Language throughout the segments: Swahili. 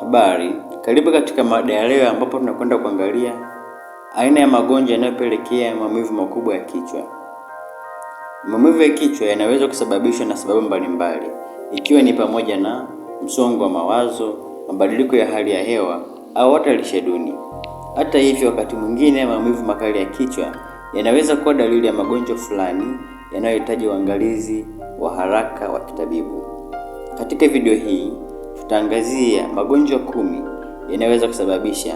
Habari, karibu katika mada ya leo ambapo tunakwenda kuangalia aina ya magonjwa yanayopelekea maumivu makubwa ya kichwa. Maumivu ya kichwa yanaweza kusababishwa na sababu mbalimbali, ikiwa ni pamoja na msongo wa mawazo, mabadiliko ya hali ya hewa au hata lishe duni. Hata hivyo, wakati mwingine maumivu makali ya kichwa yanaweza kuwa dalili ya magonjwa fulani yanayohitaji uangalizi wa haraka wa kitabibu. Katika video hii Tutaangazia magonjwa kumi yanayoweza kusababisha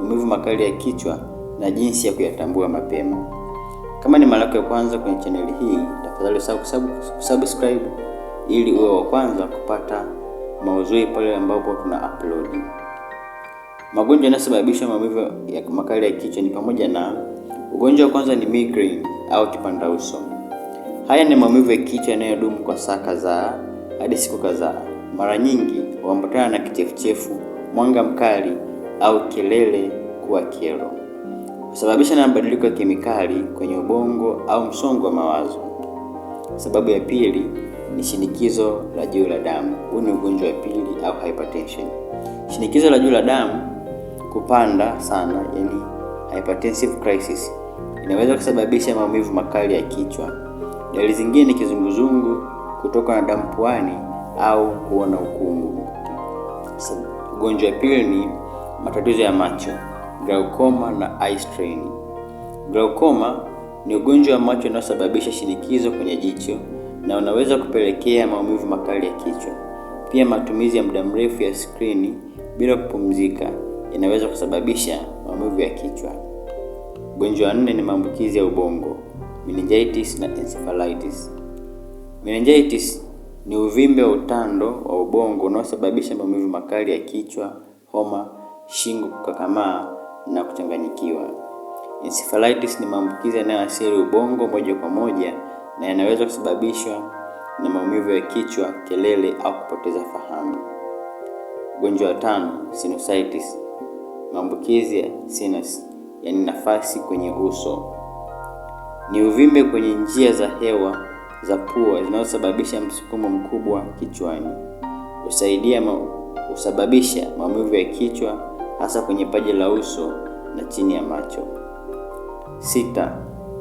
maumivu makali ya kichwa na jinsi ya kuyatambua mapema. Kama ni mara yako ya kwanza kwenye chaneli hii, tafadhali usahau ili uwe wa kwanza kupata maudhui pale ambapo tuna upload. Magonjwa yanayosababisha maumivu ya makali ya kichwa ni pamoja na ugonjwa wa kwanza ni migraine au kipandauso. Haya ni maumivu ya kichwa yanayodumu kwa saa kadhaa hadi siku kadhaa mara nyingi huambatana na kichefuchefu, mwanga mkali au kelele kuwa kero. Husababisha na mabadiliko ya kemikali kwenye ubongo au msongo wa mawazo. Sababu ya pili ni shinikizo la juu la damu. Huu ni ugonjwa wa pili au hypertension. Shinikizo la juu la damu kupanda sana, yani hypertensive crisis, inaweza kusababisha maumivu makali ya kichwa. Dalili zingine ni kizunguzungu, kutoka na damu puani au kuona ukungu. Ugonjwa wa pili ni matatizo ya macho, glaucoma na eye strain. Glaucoma ni ugonjwa wa macho unaosababisha shinikizo kwenye jicho na unaweza kupelekea maumivu makali ya kichwa. Pia matumizi ya muda mrefu ya skrini bila kupumzika inaweza kusababisha maumivu ya kichwa. Ugonjwa wa nne ni maambukizi ya ubongo, meningitis na encephalitis. Meningitis ni uvimbe wa utando wa ubongo unaosababisha maumivu makali ya kichwa, homa, shingo kukakamaa na kuchanganyikiwa. Encephalitis ni maambukizi yanayoathiri ubongo moja kwa moja na yanaweza kusababishwa na maumivu ya kichwa, kelele au kupoteza fahamu. Ugonjwa wa tano, sinusitis, maambukizi ya sinus, yani nafasi kwenye uso. Ni uvimbe kwenye njia za hewa za pua zinazosababisha msukumo mkubwa kichwani. Husaidia husababisha maumivu ya kichwa hasa kwenye paji la uso na chini ya macho. Sita,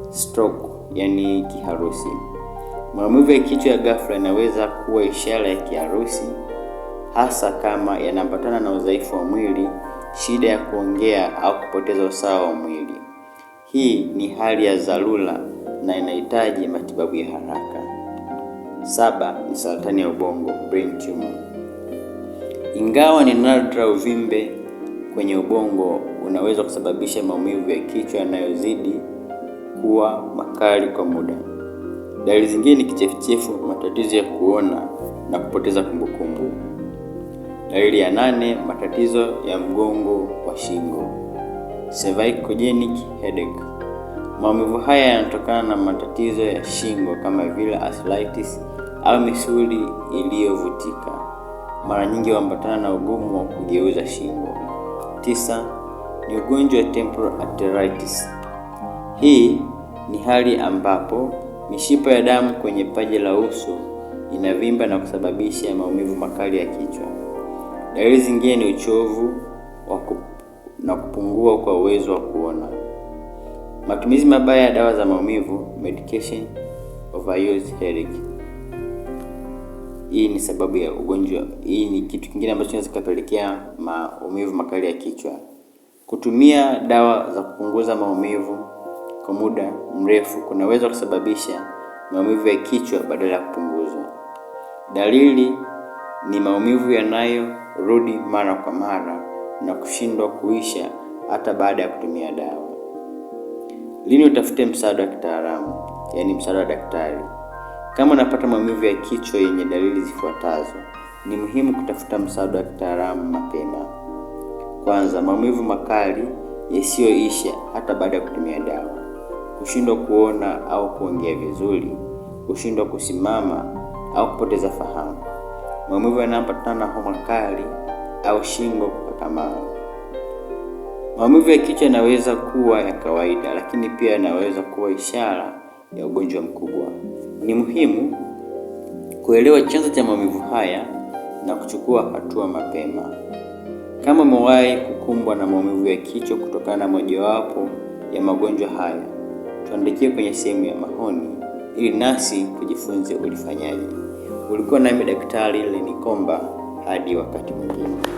stroke yani kiharusi. Maumivu ya kichwa ya ghafla inaweza kuwa ishara ya kiharusi, hasa kama yanaambatana na udhaifu wa mwili, shida ya kuongea au kupoteza usawa wa mwili. Hii ni hali ya dharura na inahitaji matibabu ya haraka. Saba ni saratani ya ubongo, brain tumor. Ingawa ni nadra, uvimbe kwenye ubongo unaweza kusababisha maumivu ya kichwa yanayozidi kuwa makali kwa muda. Dalili zingine ni kichefuchefu, matatizo ya kuona na kupoteza kumbukumbu. Dalili ya nane, matatizo ya mgongo wa shingo, cervicogenic headache. Maumivu haya yanatokana na matatizo ya shingo kama vile arthritis au misuli iliyovutika. Mara nyingi huambatana na ugumu wa kugeuza shingo. Tisa, ni ugonjwa wa temporal arteritis. Hii ni hali ambapo mishipa ya damu kwenye paji la uso inavimba na kusababisha maumivu makali ya kichwa. Dalili zingine ni uchovu na kupungua kwa uwezo wa kuona. Matumizi mabaya ya dawa za maumivu, medication overuse headache. Hii ni sababu ya ugonjwa, hii ni kitu kingine ambacho kinaweza kikapelekea maumivu makali ya kichwa. Kutumia dawa za kupunguza maumivu kwa muda mrefu kunaweza kusababisha maumivu ya kichwa badala ya kupunguzwa. Dalili ni maumivu yanayorudi mara kwa mara na kushindwa kuisha hata baada ya kutumia dawa. Lini utafute msaada wa kitaalamu, yaani msaada wa daktari. Kama unapata maumivu ya kichwa yenye dalili zifuatazo, ni muhimu kutafuta msaada wa kitaalamu mapema. Kwanza, maumivu makali yasiyoisha hata baada ya kutumia dawa, kushindwa kuona au kuongea vizuri, kushindwa kusimama au kupoteza fahamu. Maumivu yanayopatana na homa kali au shingo kukata Maumivu ya kichwa yanaweza kuwa ya kawaida, lakini pia yanaweza kuwa ishara ya ugonjwa mkubwa. Ni muhimu kuelewa chanzo cha maumivu haya na kuchukua hatua mapema. Kama umewahi kukumbwa na maumivu ya kichwa kutokana na mojawapo ya magonjwa haya, tuandikie kwenye sehemu ya maoni ili nasi tujifunze ulifanyaje. Ulikuwa nami Daktari Lenikomba, hadi wakati mwingine.